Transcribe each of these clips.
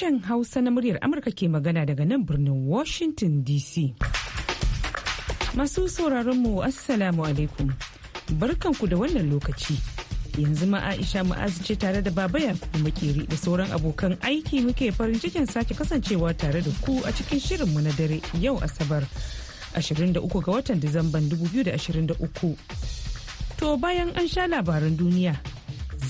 Sashen Hausa na muryar Amurka ke magana daga nan birnin Washington DC. Masu sauraronmu Assalamu alaikum. Barkanku da wannan lokaci. Yanzu ma Aisha Mu'azu ce tare da Baba Yakubu Makeri da sauran abokan aiki muke farin cikin sake kasancewa tare da ku a cikin shirinmu na dare yau Asabar 23 ga watan Disamban 2023. To bayan an sha labaran duniya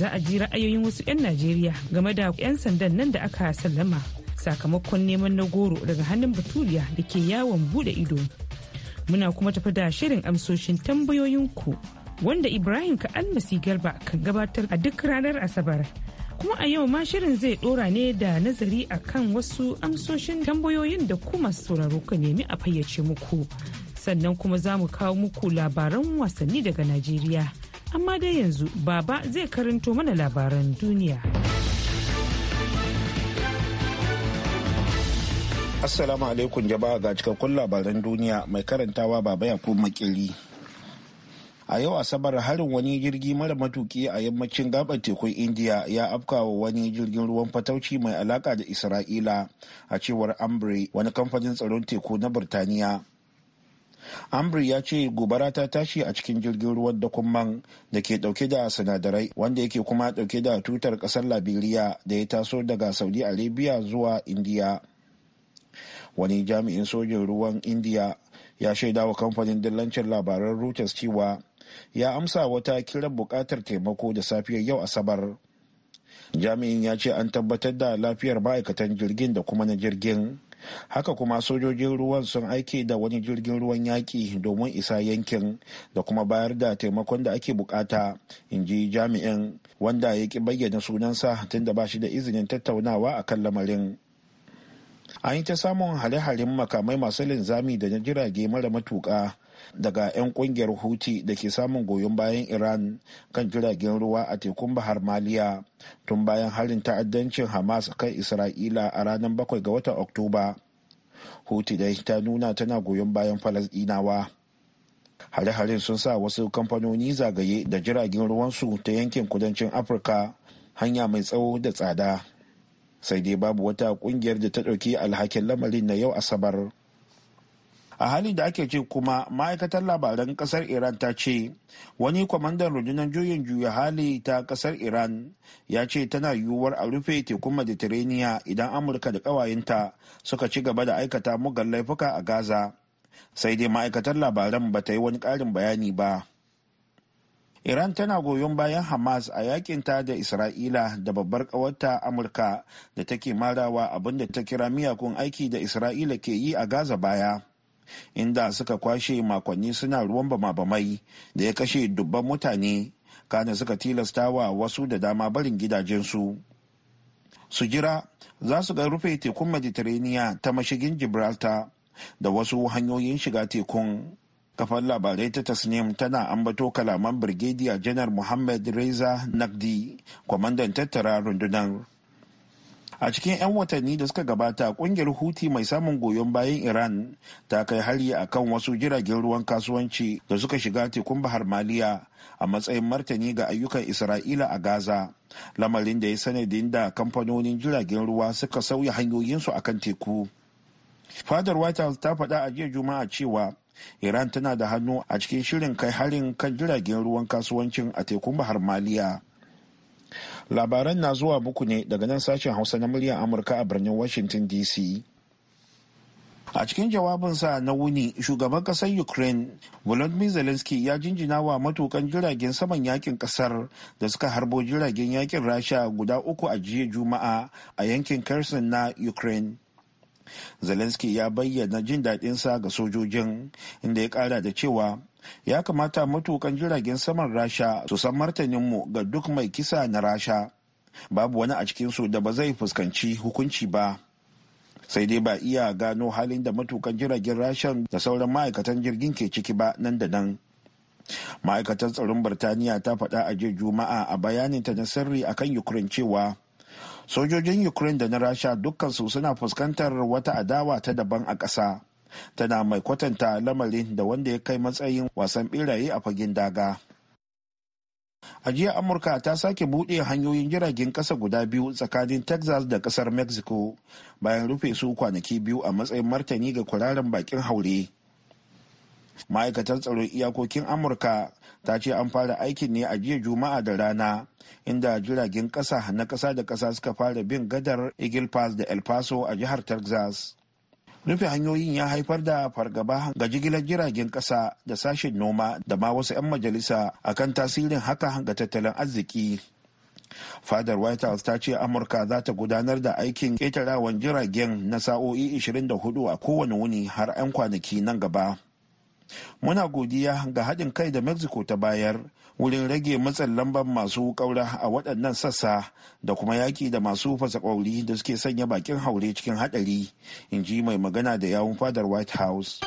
za a ji ra'ayoyin wasu 'yan Najeriya game da 'yan sandan nan da aka sallama sakamakon neman na goro daga hannun baturiya da ke yawon bude ido. Muna kuma tafi da shirin amsoshin tambayoyinku wanda Ibrahim ka almasi garba kan gabatar a duk ranar Asabar. Kuma a yau ma shirin zai dora ne da nazari akan wasu amsoshin tambayoyin da kuma sauraro ka nemi a fayyace muku. Sannan kuma za mu kawo muku labaran wasanni daga Najeriya. amma dai yanzu baba zai karanto mana labaran duniya. Assalamu alaikum jama'a ga cikakkun labaran duniya mai karantawa baba ya yakub makili. A yau Asabar harin wani jirgi mara matuki a yammacin gabar tekun Indiya ya afkawa wani jirgin ruwan fatauci mai alaka da Isra'ila a cewar Ambre wani kamfanin tsaron teku na burtaniya. ambri ya ce gobara ta tashi a cikin jirgin ruwan kumman da ke dauke da sinadarai wanda yake kuma dauke da tutar kasar liberia da ya taso daga saudi arabia zuwa india wani jami'in sojin ruwan india ya shaida wa kamfanin dillancin labaran reuters cewa ya amsa wata kiran bukatar taimako da safiyar yau asabar jami'in ya ce an tabbatar da lafiyar ma'aikatan jirgin da kuma na jirgin haka kuma sojojin ruwan sun aike da wani jirgin ruwan yaƙi domin isa yankin da kuma bayar da taimakon da ake bukata in ji jami'in wanda ya ki bayyana sunansa tun da ba shi da izinin tattaunawa a kan lamarin an yi ta samun hare-haren makamai masu linzami da na jirage mara matuƙa daga 'yan kungiyar huti da ke samun goyon bayan iran kan jiragen ruwa a tekun bahar maliya tun bayan harin ta'addancin hamas kan isra'ila a ranar 7 ga watan oktoba huti da ta nuna tana goyon bayan falasdinawa hare-haren sun sa wasu kamfanoni zagaye da jiragen ruwansu ta yankin kudancin afirka hanya mai tsawo da tsada sai dai babu wata kungiyar da ta ɗauki alhakin lamarin na yau asabar a halin da ake ce kuma ma'aikatar labaran kasar iran ta ce wani kwamandan rundunar juyin juya hali ta kasar iran ya ce tana yiwuwar a rufe tekun mediterania idan amurka da kawayenta suka ci gaba da aikata mugan laifuka a gaza sai dai ma'aikatar labaran ba ta yi wani ƙarin bayani ba Iran tana goyon bayan Hamas a yakinta da Isra'ila da babbar ƙawarta Amurka da take marawa abinda ta kira miyakun aiki da Isra'ila ke yi a Gaza baya. inda suka kwashe makonni suna ruwan bama-bamai da ya kashe dubban mutane kana suka tilasta wa wasu da dama barin gidajensu su jira za su ga rufe tekun mediterania ta mashigin gibraltar da wasu hanyoyin shiga tekun kafar labarai ta tasnim tana ambato kalaman birgediya janar muhammad reza nagdi kwamandan tattara rundunar a cikin 'yan watanni da suka gabata kungiyar huti mai samun goyon bayan iran ta kai hari a kan wasu jiragen ruwan kasuwanci da suka shiga tekun bahar maliya a matsayin martani ga ayyukan isra'ila a gaza lamarin da ya sanadin da kamfanonin jiragen ruwa suka sauya hanyoyinsu akan teku fadar white house ta faɗa a jiya juma'a cewa iran tana da hannu a cikin shirin kai harin kan jiragen ruwan kasuwancin a tekun bahar maliya labaran na zuwa muku ne daga nan sashen hausa na muryar amurka a birnin washington dc a cikin jawabinsa na wuni shugaban kasar ukraine volodymyr zelensky ya jinjina wa matukan jiragen saman yakin kasar da suka harbo jiragen yakin rasha guda uku a jiya juma'a a yankin kherson na ukraine zelensky ya bayyana jin daɗinsa ga sojojin inda ya ƙara da cewa ya kamata matukan jiragen saman rasha su san martaninmu ga duk mai kisa na rasha babu wani a cikinsu da ba zai fuskanci hukunci ba sai dai ba iya gano halin da matukan jiragen rasha da sauran ma'aikatan jirgin ke ciki ba nan da nan ma'aikatar tsaron birtaniya ta faɗa a jiya juma'a a bayanin ta na sirri akan ukraine cewa sojojin ukraine da na rasha dukkansu suna fuskantar wata adawa ta daban a ƙasa tana mai kwatanta lamarin da wanda ya kai matsayin wasan ɓeraye a fagen daga a jiya amurka ta sake buɗe hanyoyin jiragen ƙasa guda biyu tsakanin texas da ƙasar mexico bayan rufe su kwanaki biyu a matsayin martani ga kuraren bakin haure ma'aikatar tsaron iyakokin amurka ta ce an fara aikin ne a jiya juma'a da rana inda jiragen ƙasa na ƙasa da ƙasa suka fara bin gadar eagle pass da el paso a jihar texas rufe hanyoyin ya haifar da fargaba ga jigilar jiragen kasa da sashen noma da ma wasu 'yan majalisa akan tasirin haka ga tattalin arziki fadar white house ta ce amurka za ta gudanar da aikin ƙetarawan jiragen na sa'o'i 24 a kowane wuni har 'yan kwanaki nan gaba muna godiya ga haɗin kai da mexico ta bayar wurin rage matsin lambar masu ƙaura a waɗannan sassa da kuma yaƙi da masu fasa ƙwauri da suke sanya bakin haure cikin haɗari in ji mai magana da yawun fadar white house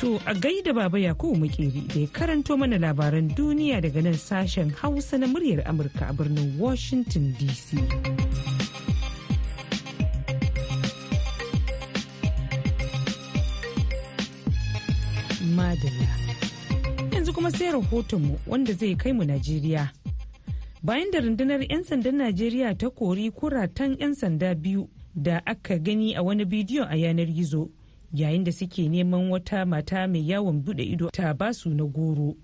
To a gaida baba Yakubu Makeri da ya karanto mana labaran duniya daga nan sashen Hausa na muryar Amurka a birnin Washington DC. Yanzu kuma sai rahotonmu wanda zai kai mu Najeriya. Bayan da rundunar 'yan sandan Najeriya ta kori kuratan 'yan sanda biyu da aka gani a wani bidiyo a yanar gizo yayin da suke neman wata mata mai yawon bude ido ta basu na goro.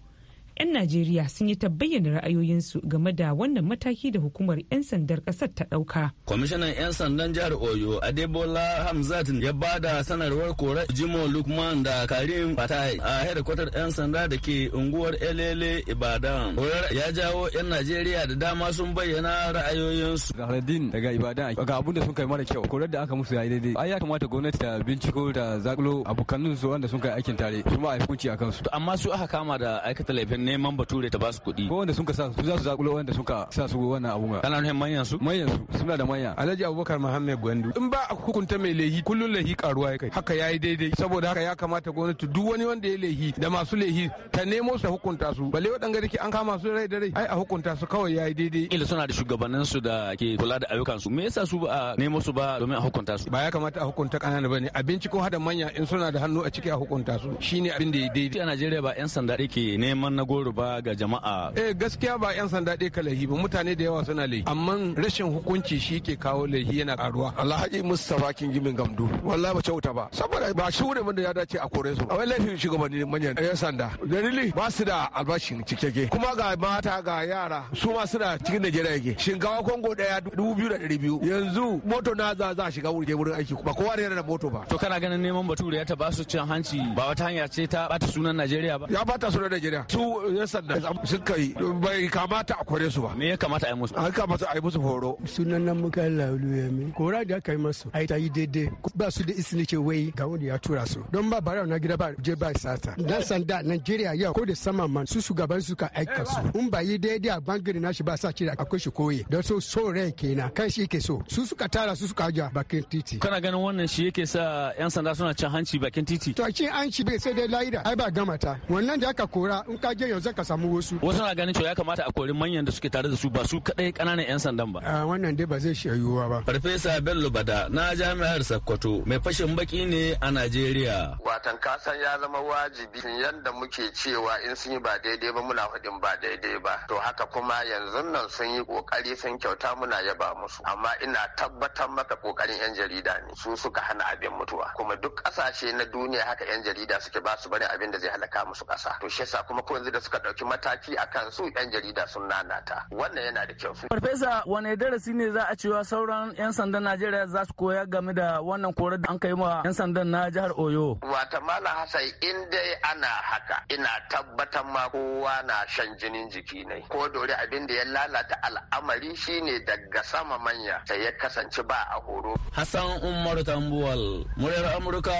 'yan Najeriya sun yi ta bayyana ra'ayoyinsu game da wannan mataki da hukumar 'yan sandar ƙasar ta ɗauka. Kwamishinan 'yan sandan jihar Oyo Adebola Hamzat ya ba da sanarwar korar Jimo Lukman da Karim Fatai a hedikwatar 'yan sanda da ke unguwar Elele Ibadan. Korar ya jawo 'yan Najeriya da dama sun bayyana ra'ayoyinsu. Ga Haradin daga Ibadan ga abun da sun kai mara kyau korar da aka musu ya daidai. Ai ya kamata gwamnati ta binciko da zakulo abokanin su wanda sun kai aikin tare ma a hukunci a kansu. Amma su aka kama da aikata laifin neman bature ta ba su kuɗi. Ko wanda sun ka sa su za su zakulo wanda sun ka sa su wannan abun. Kana nufin manyan su? Manyan su suna da manya. Alhaji Abubakar muhammed Gwandu. In ba a hukunta mai lehi. kullun lehi karuwa ya kai. Haka yayi daidai saboda haka ya kamata gwamnati duk wani wanda ya lehi. da masu lehi ta nemo su hukunta su. balle waɗanda dake an kama su rai da rai ai a hukunta su kawai yayi daidai. Ila suna da shugabannin su da ke kula da ayyukan su. Me yasa su ba a nemo su ba domin a hukunta su? Ba ya kamata a hukunta kanana bane. Abinci ko hada manya in suna da hannu a ciki a hukunta su. Shine abin da ya daidai. A Najeriya ba 'yan sanda ke neman na goro ba ga jama'a eh gaskiya ba yan sanda ɗe ka lahi ba mutane da yawa suna lahi. amma rashin hukunci shi ke kawo lahi yana karuwa alhaji mustapha kin gimin gamdu wallahi ba kyauta ba saboda ba shi wurin da ya dace a kore su a wai laifin shugabanni manyan yan sanda dalili ba su da albashin cikakke kuma ga mata ga yara su ma suna cikin najeriya yake shinkawa kongo daya dubu biyu da ɗari biyu yanzu moto na za za shiga wurin wurin aiki ba kowa ne yana da moto ba to kana ganin neman bature ya ta ba su cin hanci ba wata hanya ce ta bata sunan najeriya ba ya bata sunan najeriya su yan sanda sun kai bai kamata a kware su ba me ya kamata a yi musu an kamata a yi musu horo sunan nan muka laulu ya mi kora da kai masu ai ta yi daidai ba su da isini ke wai ga wani ya tura su don ba bara na gida ba je ba sata dan sanda Nigeria yau ko da sama man su su gaban su ka aika su un ba yi daidai a bangare nashi ba sa ci da akwai shi koyi don so so rai kenan kan shi ke so su suka tara su suka aja bakin titi kana ganin wannan shi yake sa yan sanda suna cin hanci bakin titi to a cin hanci bai sai dai laida ai ba gamata wannan da aka kora in ka je yau zaka samu wasu wasu na ganin cewa ya kamata a kori manyan da suke tare da su ba su kadai kananan yan sandan ba ah, wannan dai ba zai shi yiwuwa ba farfesa bello bada na jami'ar sokoto mai fashin baki ne a najeriya watan kasan ya zama wajibi yadda muke cewa in sun yi ba daidai ba muna faɗin ba daidai ba to haka kuma yanzu nan sun yi kokari sun kyauta muna yaba musu amma ina tabbatar maka ƙoƙarin yan jarida ne su suka hana abin mutuwa kuma duk ƙasashe na duniya haka yan jarida suke ba su bane abin da zai halaka musu kasa to shi yasa kuma ko yanzu da suka ɗauki mataki a kan su 'yan jarida sun nanata wannan yana da kyau. farfesa wane darasi ne za a cewa sauran 'yan sandan najeriya za su koya game da wannan korar da an kai ma 'yan sandan na jihar oyo. wata malam hassan in dai ana haka ina tabbatar ma kowa na shan jinin jiki ne ko dore abin da ya lalata al'amari shine daga sama manya sai ya kasance ba a horo. hassan umar tambuwal muryar amurka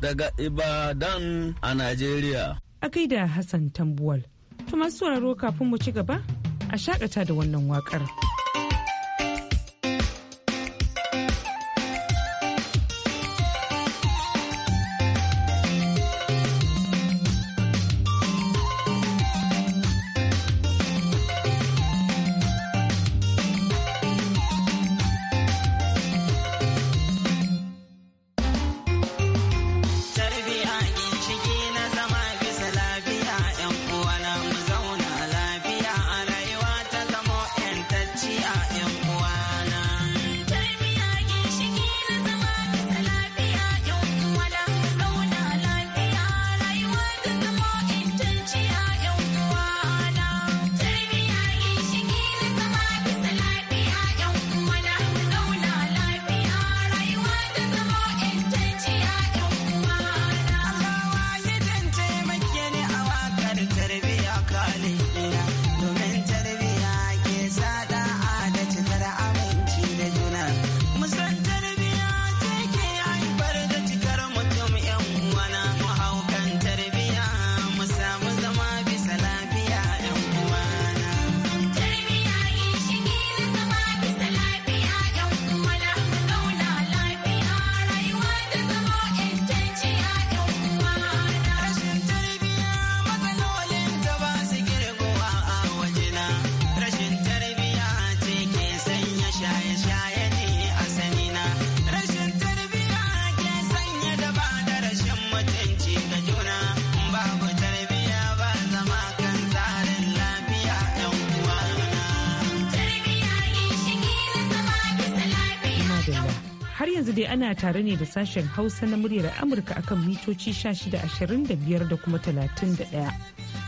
daga ibadan a najeriya. a gaida Hassan Tambuwal. To masu kafin mu ci gaba a shakata da wannan waƙar. yanzu dai ana tare ne da sashen Hausa na muryar Amurka akan mitoci 1625 da kuma 31.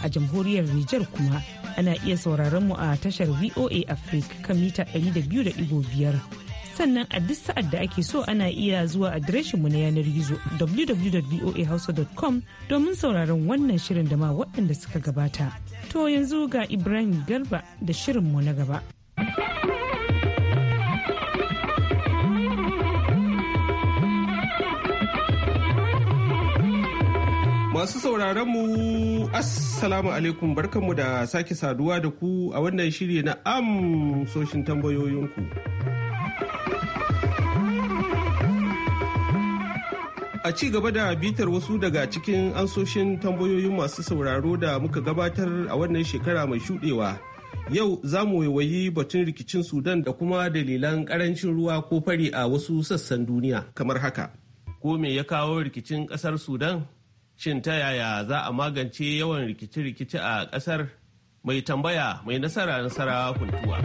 A jamhuriyar Nijar kuma ana iya sauraron mu a tashar VOA Africa kan mita 200.5. Sannan a duk sa'ad da ake so ana iya zuwa mu na yanar gizo www.voahausa.com domin sauraron wannan shirin da ma waɗanda suka gabata. To yanzu ga Ibrahim Garba da shirinmu na gaba. Masu sauraron mu Assalamu alaikum barkanmu da sake saduwa da ku a wannan shiri na amsoshin tambayoyinku. A ci gaba da bitar wasu daga cikin ansoshin tambayoyin masu sauraro da muka gabatar a wannan shekara mai shudewa. Yau za mu waiwayi batun rikicin Sudan da kuma dalilan karancin ruwa ko fari a wasu sassan duniya kamar haka. Ko me ya kawo rikicin ƙasar Sudan? Shin ta yaya za a magance yawan rikici-rikici a ƙasar? Mai tambaya mai nasara nasara kuntuwa.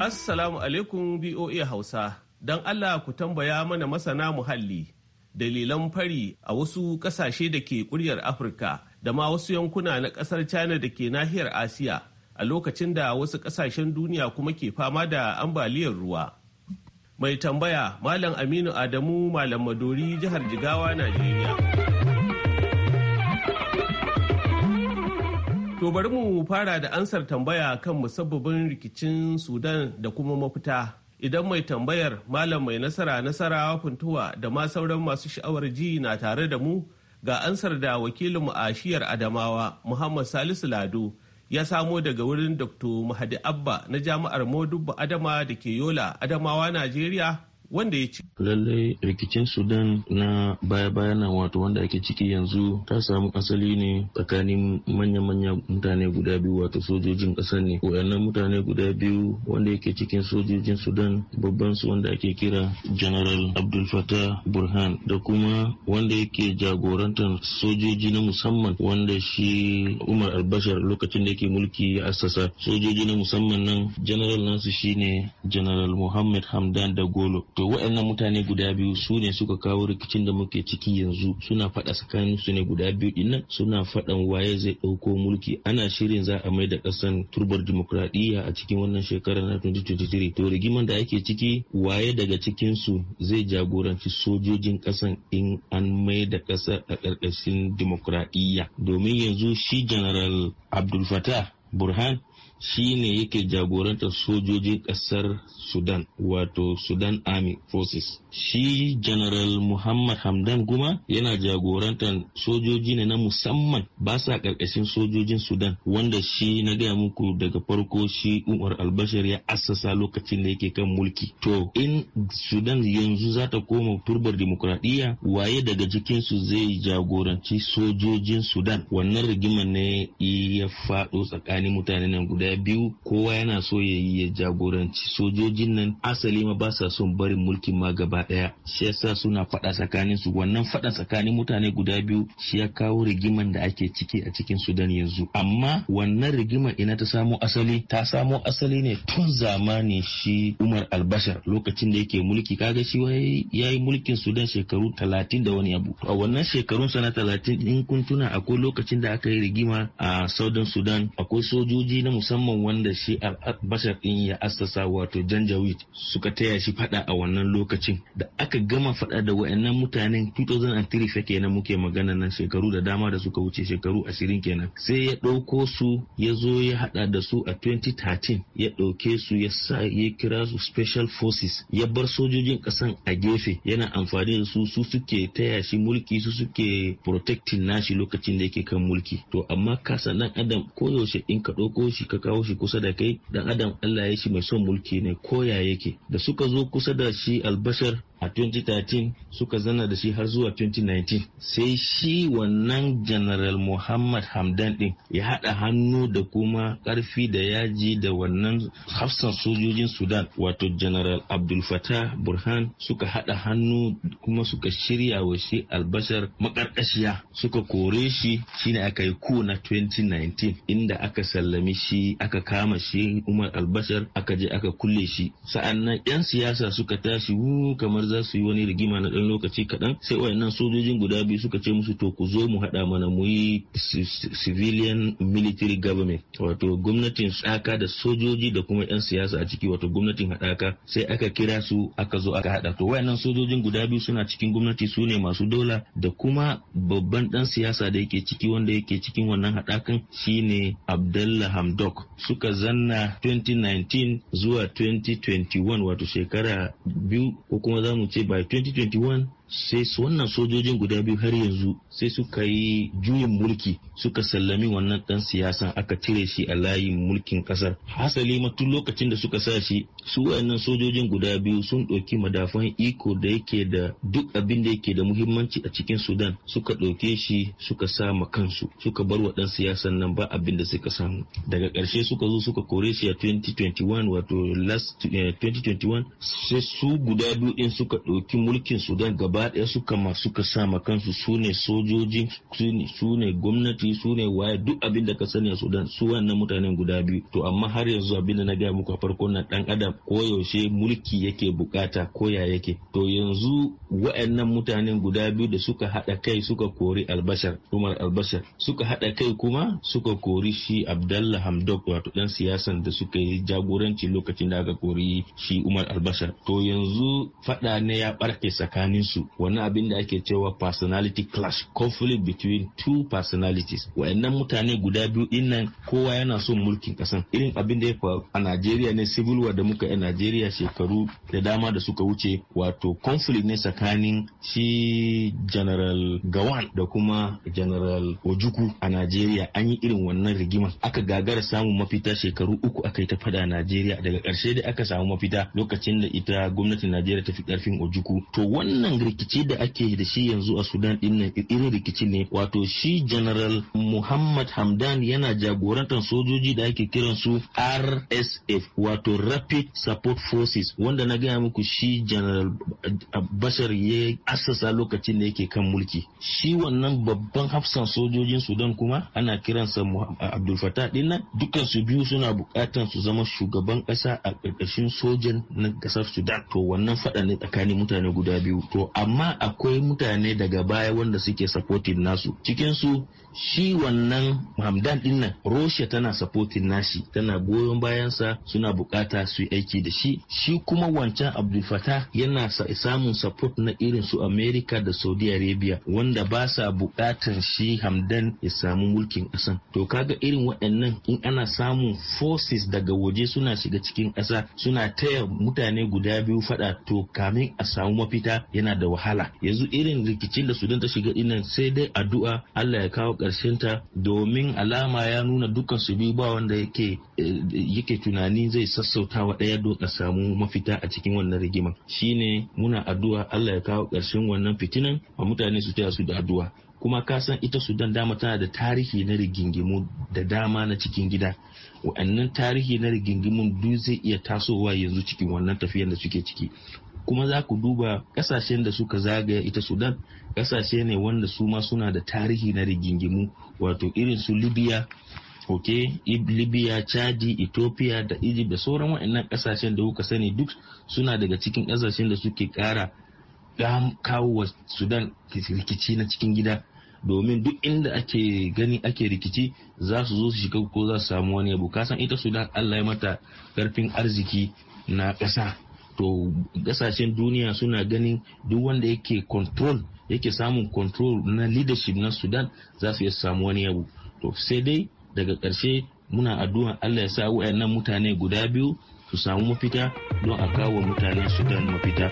Assalamu alaikum BOA Hausa, don Allah ku tambaya mana masana muhalli. Dalilan fari a wasu ƙasashe da ke ƙuryar Afirka da ma wasu yankuna na ƙasar China da ke nahiyar Asiya a lokacin da wasu ƙasashen duniya kuma ke fama da ambaliyar ruwa. mai tambaya malam aminu adamu malam madori jihar jigawa najeriya to bari mu fara da ansar tambaya kan musabbabin rikicin sudan da kuma mafita idan mai tambayar malam mai nasara nasara funtuwa da ma sauran masu sha'awar ji na tare da mu ga ansar da wakilinmu a shiyar adamawa muhammad salisu lado ya samo daga wurin dr mahadi abba na jami'ar modubba adama da ke yola adamawa najeriya wanda ya ci. Lallai rikicin Sudan na baya-baya na wato wanda ake ciki yanzu ta samu asali ne tsakanin manya-manya mutane guda biyu wato sojojin ƙasar ne. Wayannan mutane guda biyu wanda yake cikin sojojin Sudan babban su wanda ake kira General Abdul Fattah Burhan da kuma wanda yake jagorantar sojoji na musamman wanda shi Umar Albashar lokacin da yake mulki asasa assasa sojoji na musamman nan general nasu shine General Muhammad Hamdan Golo. to waɗannan mutane guda biyu su ne suka kawo rikicin da muke ciki yanzu suna faɗa tsakanin su ne guda biyu dinnan suna faɗan waye zai ɗauko mulki ana shirin za a mai da ƙasan turbar dimokuraɗiyya a cikin wannan shekarar na 2023 to rigiman da ake ciki waye daga cikin su zai jagoranci sojojin ƙasan in an mai da ƙasa a ƙarƙashin dimokuraɗiyya domin yanzu shi general abdul fatah burhan shi shine yake jagorantar sojojin kasar Sudan wato Sudan Army Forces. Shi General Muhammad Hamdan Guma yana jagorantar sojoji ne na musamman ba sa karkashin sojojin Sudan wanda shi na gaya muku daga farko shi Umar Albashir ya assasa lokacin da yake kan mulki. To in Sudan yanzu za ta koma turbar dimokuraɗiyya waye daga cikinsu zai jagoranci sojojin Sudan wannan rigimar ne ya faɗo tsakanin mutane nan guda biyu kowa yana so ya yi ya jagoranci sojojin nan asali ma ba sa son barin mulkin ma gaba daya shi yasa suna faɗa tsakanin su wannan faɗa tsakanin mutane guda biyu shi ya kawo rigiman da ake ciki a cikin Sudan yanzu amma wannan rigimar ina ta samo asali ta samo asali ne tun zamani shi Umar Albashar lokacin da yake mulki kaga shi wai ya yi mulkin Sudan shekaru talatin da wani abu a wannan shekarun sana talatin in kun tuna akwai lokacin da aka yi rigima a Southern Sudan akwai sojoji na musamman musamman wanda shi bashar din ya assasa wato janjawit suka taya shi fada a wannan lokacin da aka gama fada da wayannan mutanen 2003 fa kenan muke magana nan shekaru da dama da suka wuce shekaru 20 kenan sai ya ɗauko su ya zo ya hada da su a 2013 ya ɗauke su ya sa ya kira su special forces ya bar sojojin ƙasan a gefe yana amfani da su su suke taya shi mulki su suke protecting nashi lokacin da yake kan mulki to amma kasa dan adam ko yaushe in ka ɗauko shi ka kawo shi kusa da kai dan adam Allah ya shi mai son mulki ne koya yake da suka zo kusa da shi albashar a 2013 suka zana da shi har zuwa 2019 sai shi wannan general muhammad hamdan din ya haɗa hannu da kuma ƙarfi da yaji da wannan hafsan sojojin sudan wato general abdul fatah burhan suka haɗa hannu kuma suka shirya wa shi albashar makarƙashiya suka kore shi shine aka yi ku na 2019 inda aka sallami shi aka kama shi umar albashar aka je aka kulle shi sa'annan 'yan siyasa suka tashi kamar za su yi wani rigima na ɗan lokaci kaɗan sai wayannan sojojin guda biyu suka ce musu to ku zo mu haɗa mana mu yi civilian military government wato gwamnatin tsaka da sojoji da kuma 'yan siyasa a ciki wato gwamnatin haɗaka sai aka kira su aka zo aka haɗa to wayannan sojojin guda biyu suna cikin gwamnati su ne masu dola da kuma babban ɗan siyasa da yake ciki wanda yake cikin wannan haɗakan shine abdullah Hamdok suka zanna 2019 zuwa 2021 wato shekara biyu ko kuma za down by 2021 sai su wannan sojojin guda biyu har yanzu sai suka yi juyin mulki suka sallami wannan dan siyasan aka cire shi a layin mulkin kasar hasali ma tun lokacin da suka sa shi su wayannan sojojin guda biyu sun ɗauki madafan iko da yake da duk abin da yake da muhimmanci a cikin sudan suka ɗauke shi suka sa ma kansu suka bar wa dan siyasan nan ba abin da suka samu daga ƙarshe suka zo suka kore shi a 2021 wato last 2021 eh, sai su guda biyu din suka ɗauki mulkin sudan gaba gaba ɗaya suka ma suka sa ma kansu su ne sojoji su ne gwamnati su ne waye duk abin da ka sani a sudan su wannan mutanen guda biyu to amma har yanzu abin da na gaya muku a farkon na dan adam ko yaushe mulki yake bukata ya yake to yanzu wa'annan mutanen guda biyu da suka haɗa kai suka kori albashar umar albashar suka haɗa kai kuma suka kori shi abdallah hamdok wato dan siyasan da suka yi jagoranci lokacin da aka kori shi umar albashar to yanzu faɗa ne ya ɓarke tsakaninsu wani abin da ake cewa personality clash conflict between two personalities wayannan mutane guda biyu din kowa yana son mulkin kasan irin abin da ya faru a Najeriya ne civil war da muka yi Najeriya shekaru da dama da suka wuce wato conflict ne tsakanin shi general Gawan da kuma general Ojuku a Najeriya an yi irin wannan rigima aka gagara samun mafita shekaru uku aka yi ta fada a Najeriya daga ƙarshe da aka samu mafita lokacin da ita gwamnatin Najeriya ta fi ƙarfin Ojuku to wannan rikici da ake da shi yanzu a Sudan din nan irin rikici ne wato shi General Muhammad Hamdan yana jagorantar sojoji da ake kiransu su RSF wato Rapid Support Forces wanda na gaya muku shi General Bashar ya asasa lokacin da yake kan mulki shi wannan babban hafsan sojojin Sudan kuma ana kiransa Abdul fatah din nan dukkan su biyu suna bukatan su zama shugaban kasa a ƙarƙashin sojan na ƙasar Sudan to wannan faɗa ne tsakanin mutane guda biyu to a amma akwai mutane daga baya wanda suke supportive nasu cikin su shi wannan hamdan din nan russia tana supportin nashi tana goyon bayansa suna bukata su yi aiki da shi shi kuma wancan abdul fatah yana samun support na irin su america da saudi arabia wanda ba sa bukatan shi hamdan ya samu mulkin kasan to kaga irin waɗannan in ana samun forces daga waje suna shiga cikin ƙasa suna taya mutane guda biyu faɗa to kamin a samu mafita yana da wahala yanzu irin rikicin da sudan ta shiga dinnan sai dai addu'a allah ya kawo ta domin alama ya nuna dukkan su biyu ba wanda yake eh, yake tunani zai sassauta wa ɗaya a samu mafita a cikin wannan rigima shine muna addu'a Allah ya kawo ƙarshen wannan fitinan a mutane su taya su da addu'a kuma ka san ita sudan dama tana da tarihi na rigingimu da dama na cikin gida wa'annan tarihi na rigingimu duk zai iya tasowa yanzu cikin wannan tafiyar da suke ciki kuma za ku duba kasashen da suka zagaya ita sudan kasashe ne wanda su ma suna da tarihi na rigingimu wato irin su libya ok libya chadi ethiopia da egypt da sauran waɗannan kasashen da kuka sani duk suna daga cikin kasashen da suke kara kawo wa sudan rikici na cikin gida domin duk inda ake gani ake rikici za su zo su shiga ko za su samu wani abu kasan ita sudan allah ya mata karfin arziki na ƙasa to kasashen duniya suna ganin duk wanda yake control yake samun control na leadership na sudan za su iya samu wani abu to sai dai daga ƙarshe muna addu'a allah ya sa wayannan mutane guda biyu su samu mafita don a kawo mutanen sudan mafita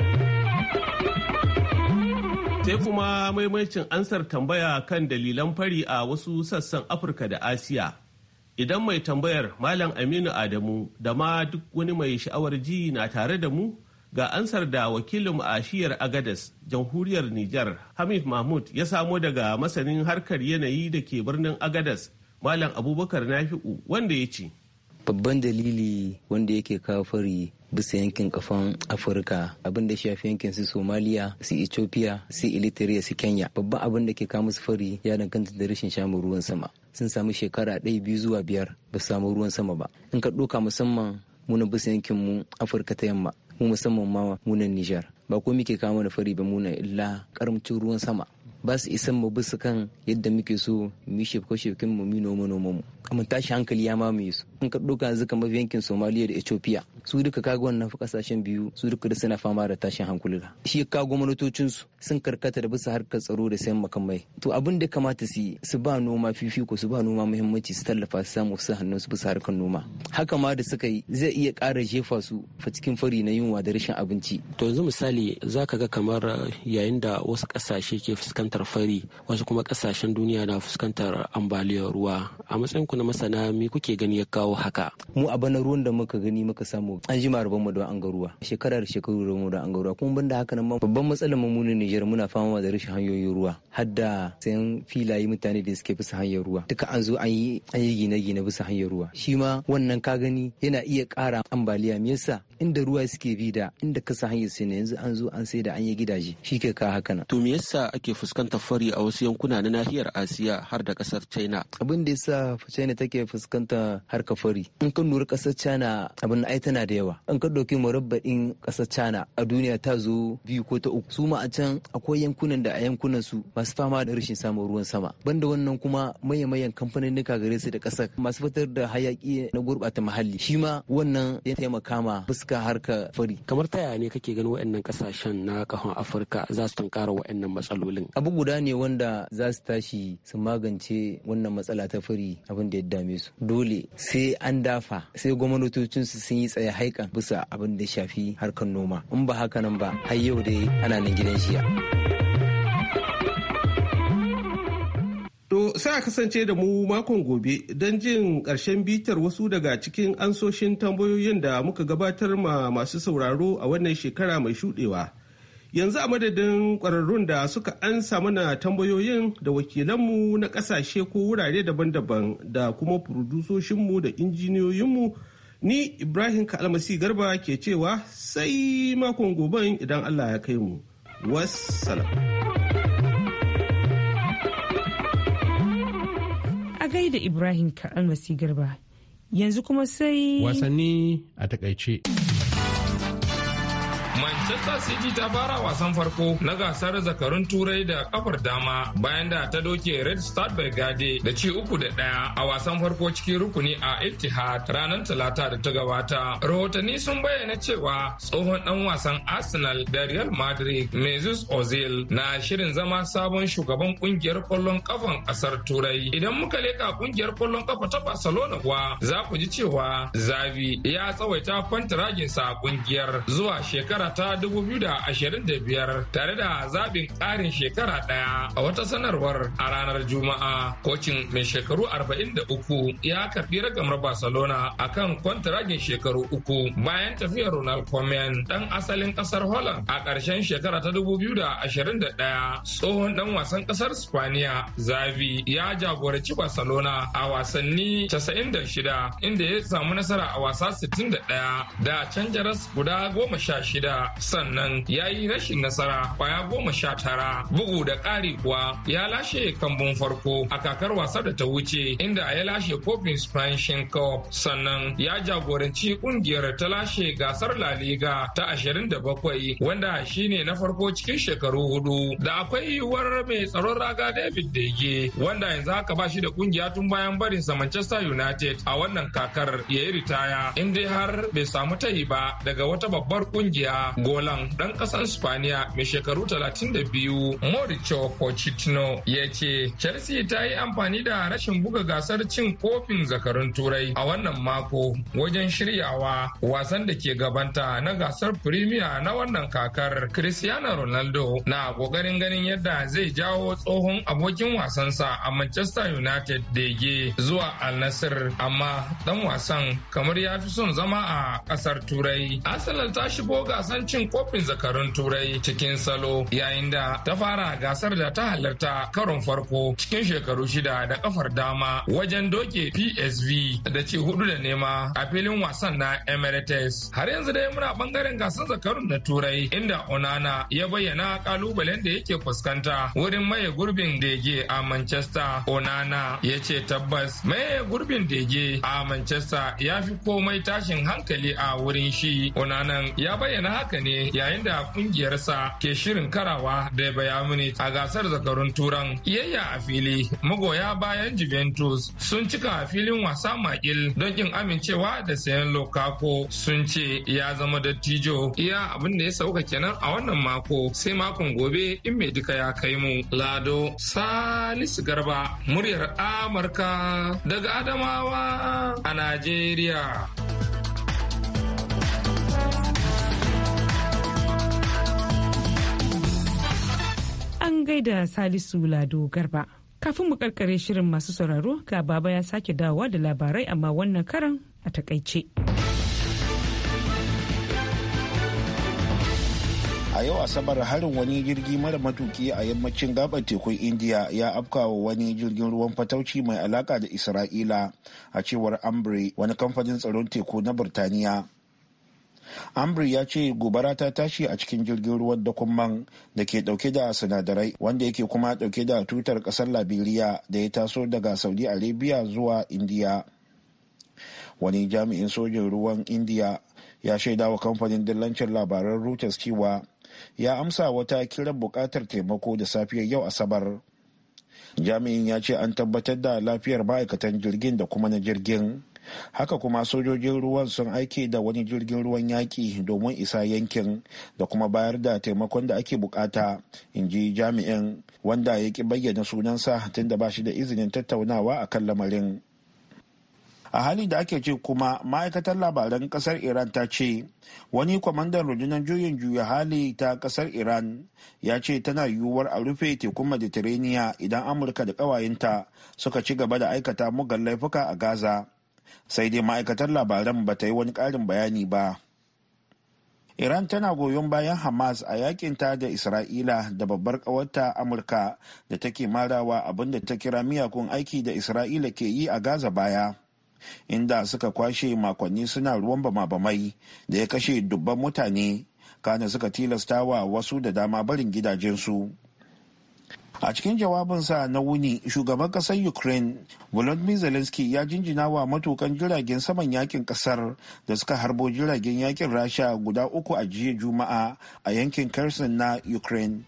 sai kuma maimaicin ansar tambaya kan dalilan fari a wasu sassan afirka da asiya idan mai tambayar malam aminu adamu da ma duk wani mai sha'awar ji na tare da mu Ga ansar da wakilin a shiyar Agadas, jamhuriyar Nijar, Hamid Mahmud ya samo daga masanin harkar yanayi da ke birnin Agadas, Malam Abubakar Nafi'u wanda ya ce. Babban dalili wanda yake kafari fari bisa yankin kafan afirka abin da shafi yankin su somaliya su ethiopia su eritrea su kenya babban abin da ke kama su fari ya danganta da rashin shamun ruwan sama sun samu shekara ɗaya biyu zuwa biyar ba su samu ruwan sama ba in ka ɗoka musamman muna bisa yankin mu afirka ta yamma mu musamman ma munan Nijar ba ko muke kama da fari ba muna illa karamcin ruwan sama ba su isan mu bisa kan yadda muke so mu shefko shefkin mu mu noma mu amma tashi hankali ya mamaye su in ka ɗauka yanzu kamar yankin somaliya da ethiopia su duka kago wannan kasashen biyu su duka da suna fama da tashin hankula shi ka gwamnatocin su sun karkata da bisa harkar tsaro da sayan makamai to abin da kamata su yi su ba noma fifiko su ba noma muhimmanci su tallafa su samu su hannun su bisa harkar noma haka ma da suka yi zai iya ƙara jefa su fa cikin fari na yunwa da rashin abinci to yanzu misali zaka ga kamar yayin da wasu kasashe ke fuskantar fari wasu kuma kasashen duniya na fuskantar ambaliyar ruwa a matsayin ku na masana me kuke gani ya kawo haka mu a bana ruwan da muka gani muka samu an jima rabon mu da an ga ruwa shekarar shekaru rabon mu da an ga ruwa kuma banda haka nan babban matsalar mu ne muna fama da rashin hanyoyin ruwa hadda sayan filaye mutane da suke bisa hanyar ruwa duka an zo an yi an yi gine-gine bisa hanyar ruwa shi ma wannan ka gani yana iya ƙara ambaliya me yasa inda ruwa suke bi da inda kasa hanyar sai ne yanzu an zo an sai da an yi gidaje shi ke ka haka nan to me yasa ake fuskantar fari a wasu yankuna na nahiyar Asiya har da kasar China abin da yasa China take fuskanta harkar fari in ka lura kasar china abin ai tana da yawa in ka ɗauki murabba'in kasar china a duniya ta zo biyu ko ta uku su ma a can akwai yankunan da a yankunan su masu fama da rashin samun ruwan sama banda wannan kuma mayan kamfaninnika gare su da kasar masu fitar da hayaki na gurɓata muhalli shi ma wannan ya taimaka ma fuska harka fari kamar ta yaya ne kake ganin wa'annan kasashen na kahon afirka za su tankara waɗannan matsalolin abu guda ne wanda za su tashi su magance wannan matsala ta fari abin da ya dame su dole sai sai an dafa sai gwamnatocin su sun yi tsaye haikan bisa abin da shafi harkar noma in ba haka nan ba har yau dai ana nan gidan shiya. sai a kasance da mu makon gobe don jin ƙarshen bitar wasu daga cikin ansoshin tambayoyin da muka gabatar ma masu sauraro a wannan shekara mai shuɗewa. yanzu a madadin kwararrun da suka ansa mana tambayoyin da wakilanmu na kasashe ko wurare daban-daban da kuma furdusoshinmu da injiniyoyinmu ni ibrahim kalmasi garba ke cewa sai makon goben idan allah ya kai mu wassalam a gaida ibrahim kalmasi garba yanzu kuma sai wasanni a takaice. Leicester ta fara wasan farko na gasar zakarun turai da kafar dama bayan da ta doke Red Star Belgrade da ci uku da ɗaya a wasan farko cikin rukuni a Etihad ranar Talata da ta gabata. Rahotanni sun bayyana cewa tsohon ɗan wasan Arsenal da Real Madrid Mesut Ozil na shirin zama sabon shugaban kungiyar kwallon kafan ƙasar Turai. Idan muka leka kungiyar kwallon kafa ta Barcelona kuwa za ku ji cewa Zabi ya tsawaita kwantiraginsa a kungiyar zuwa shekara ta dubu 2025 tare da zaɓin ƙarin shekara ɗaya a wata sanarwar a ranar Juma'a. Kocin mai shekaru 43 ya karɓi ragamar Barcelona a kan kwantiragin shekaru uku bayan tafiyar Ronald Koeman ɗan asalin ƙasar Holland a ƙarshen shekara ta 2021 tsohon ɗan wasan ƙasar Spaniya Zavi ya jagoranci Barcelona a wasanni 96 inda ya samu nasara a wasa 61 da canjaras guda 16 yaron nan ya yi rashin nasara kwaya goma sha tara bugu da ƙari kuwa ya lashe kambun farko a kakar wasa da ta wuce inda ya lashe kofin Spanish Cup sannan ya jagoranci kungiyar ta lashe gasar La Liga ta bakwai wanda shine na farko cikin shekaru hudu da akwai yiwuwar mai tsaron raga David Dege wanda yanzu haka ba shi da kungiya tun bayan barin sa Manchester United a wannan kakar ya yi ritaya in dai har bai samu tayi ba daga wata babbar kungiya gola Milan ɗan ƙasar Spaniya mai shekaru 32 Mauricio Pochettino ya ce Chelsea ta yi amfani da rashin buga gasar cin kofin zakarun turai a wannan mako wajen shiryawa wasan da ke gabanta na gasar Premier na wannan kakar Cristiano Ronaldo na ƙoƙarin ganin yadda zai jawo tsohon abokin wasansa a Manchester United dege zuwa Al Nassr amma ɗan wasan kamar ya fi son zama a ƙasar Turai. Arsenal ta shigo gasar cin kofin kofin zakarun turai cikin salo yayin da ta fara gasar da ta halarta karon farko cikin shekaru shida da kafar dama wajen doke psv da ce hudu da nema a filin wasan na emirates har yanzu dai muna bangaren gasar zakarun na turai inda onana ya bayyana kalubalen da yake fuskanta wurin maye gurbin dege a manchester onana ya ce tabbas maye gurbin dege a manchester ya fi komai tashin hankali a wurin shi onanan ya bayyana haka ne yayin da kungiyarsa ke shirin karawa da bayamuni a gasar zakarun turan iyayya a fili magoya bayan juventus sun cika a filin wasa makil don kin amincewa da sayan lokako sun ce ya zama dattijo iya abin da ya sauka kenan a wannan mako sai makon gobe in mai duka ya kai mu lado salisu garba muryar amurka daga adamawa a najeriya an gaida salisu lado garba kafin mu karkare shirin masu sauraro ga baba ya sake dawowa da labarai amma wannan karan a takaice a yau asabar harin wani jirgi mara matuki a yammacin gabar tekun indiya ya afkawa wani jirgin ruwan fatauci mai alaka da isra'ila a cewar ambre wani kamfanin tsaron teku na birtaniya ambri ya ce gobara ta tashi a cikin jirgin ruwan dakumman da ke dauke da sinadarai wanda yake kuma dauke da tutar kasar liberia da ya taso daga saudi arabia zuwa indiya wani jami'in sojin ruwan indiya ya shaida wa kamfanin dillancin labaran reuters cewa ya amsa wata kiran bukatar taimako da safiyar yau asabar jami'in ya ce an tabbatar da lafiyar ma'aikatan jirgin da kuma na jirgin haka kuma sojojin ruwan sun aike da wani jirgin ruwan yaƙi domin isa yankin da kuma bayar da taimakon da ake bukata in ji jami'in wanda ya ki bayyana sunansa tun da ba shi da izinin tattaunawa a kan lamarin a hali da ake ce kuma ma'aikatar labaran kasar iran ta ce wani kwamandan rundunar juyin juya hali ta kasar iran ya ce tana yiwuwar a rufe tekun mediterranean idan amurka da ƙawayenta suka ci gaba da aikata mugan laifuka a gaza sai dai ma'aikatar labaran ba ta yi wani ƙarin bayani ba iran tana goyon bayan hamas a yakinta da isra'ila da babbar ƙawarta amurka da take marawa abinda ta kira miyakun aiki da isra'ila ke yi a gaza baya inda suka kwashe makonni suna ruwan bama-bamai da ya kashe dubban mutane kana suka tilasta wa wasu da dama barin gidajensu A cikin jawabinsa na wuni, shugaban ƙasar Ukraine, Volodymyr Zelensky ya jinjina wa matukan jiragen saman yakin ƙasar da suka harbo jiragen yakin Rasha guda uku a jiya Juma'a a yankin Kherson na Ukraine.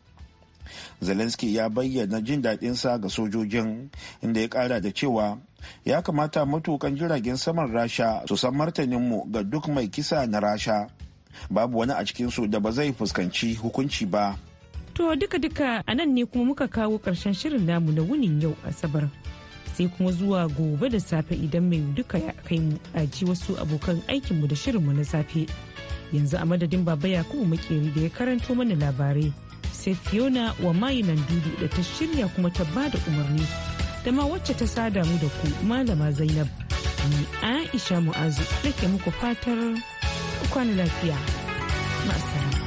Zelensky ya bayyana jin daɗinsa ga sojojin inda ya ƙara da cewa ya kamata matukan jiragen saman Rasha su san martaninmu ga duk mai kisa na Rasha. Babu wani a cikinsu da ba zai fuskanci hukunci ba. To duka-duka a nan ne kuma muka kawo ƙarshen shirin namu na wunin yau Asabar. Sai kuma zuwa gobe da safe idan mai duka ya kai mu a ji wasu abokan aikinmu da shirinmu na safe. Yanzu a madadin Baba Yakubu Makeri da ya karanto mana labarai. Sai Fiona wa mayinan dudu da ta shirya kuma ta ba da umarni. Da ma wacce ta sada mu da ku Malama Zainab. Ni Aisha Mu'azu nake muku fatar kwana lafiya. Ma'asara.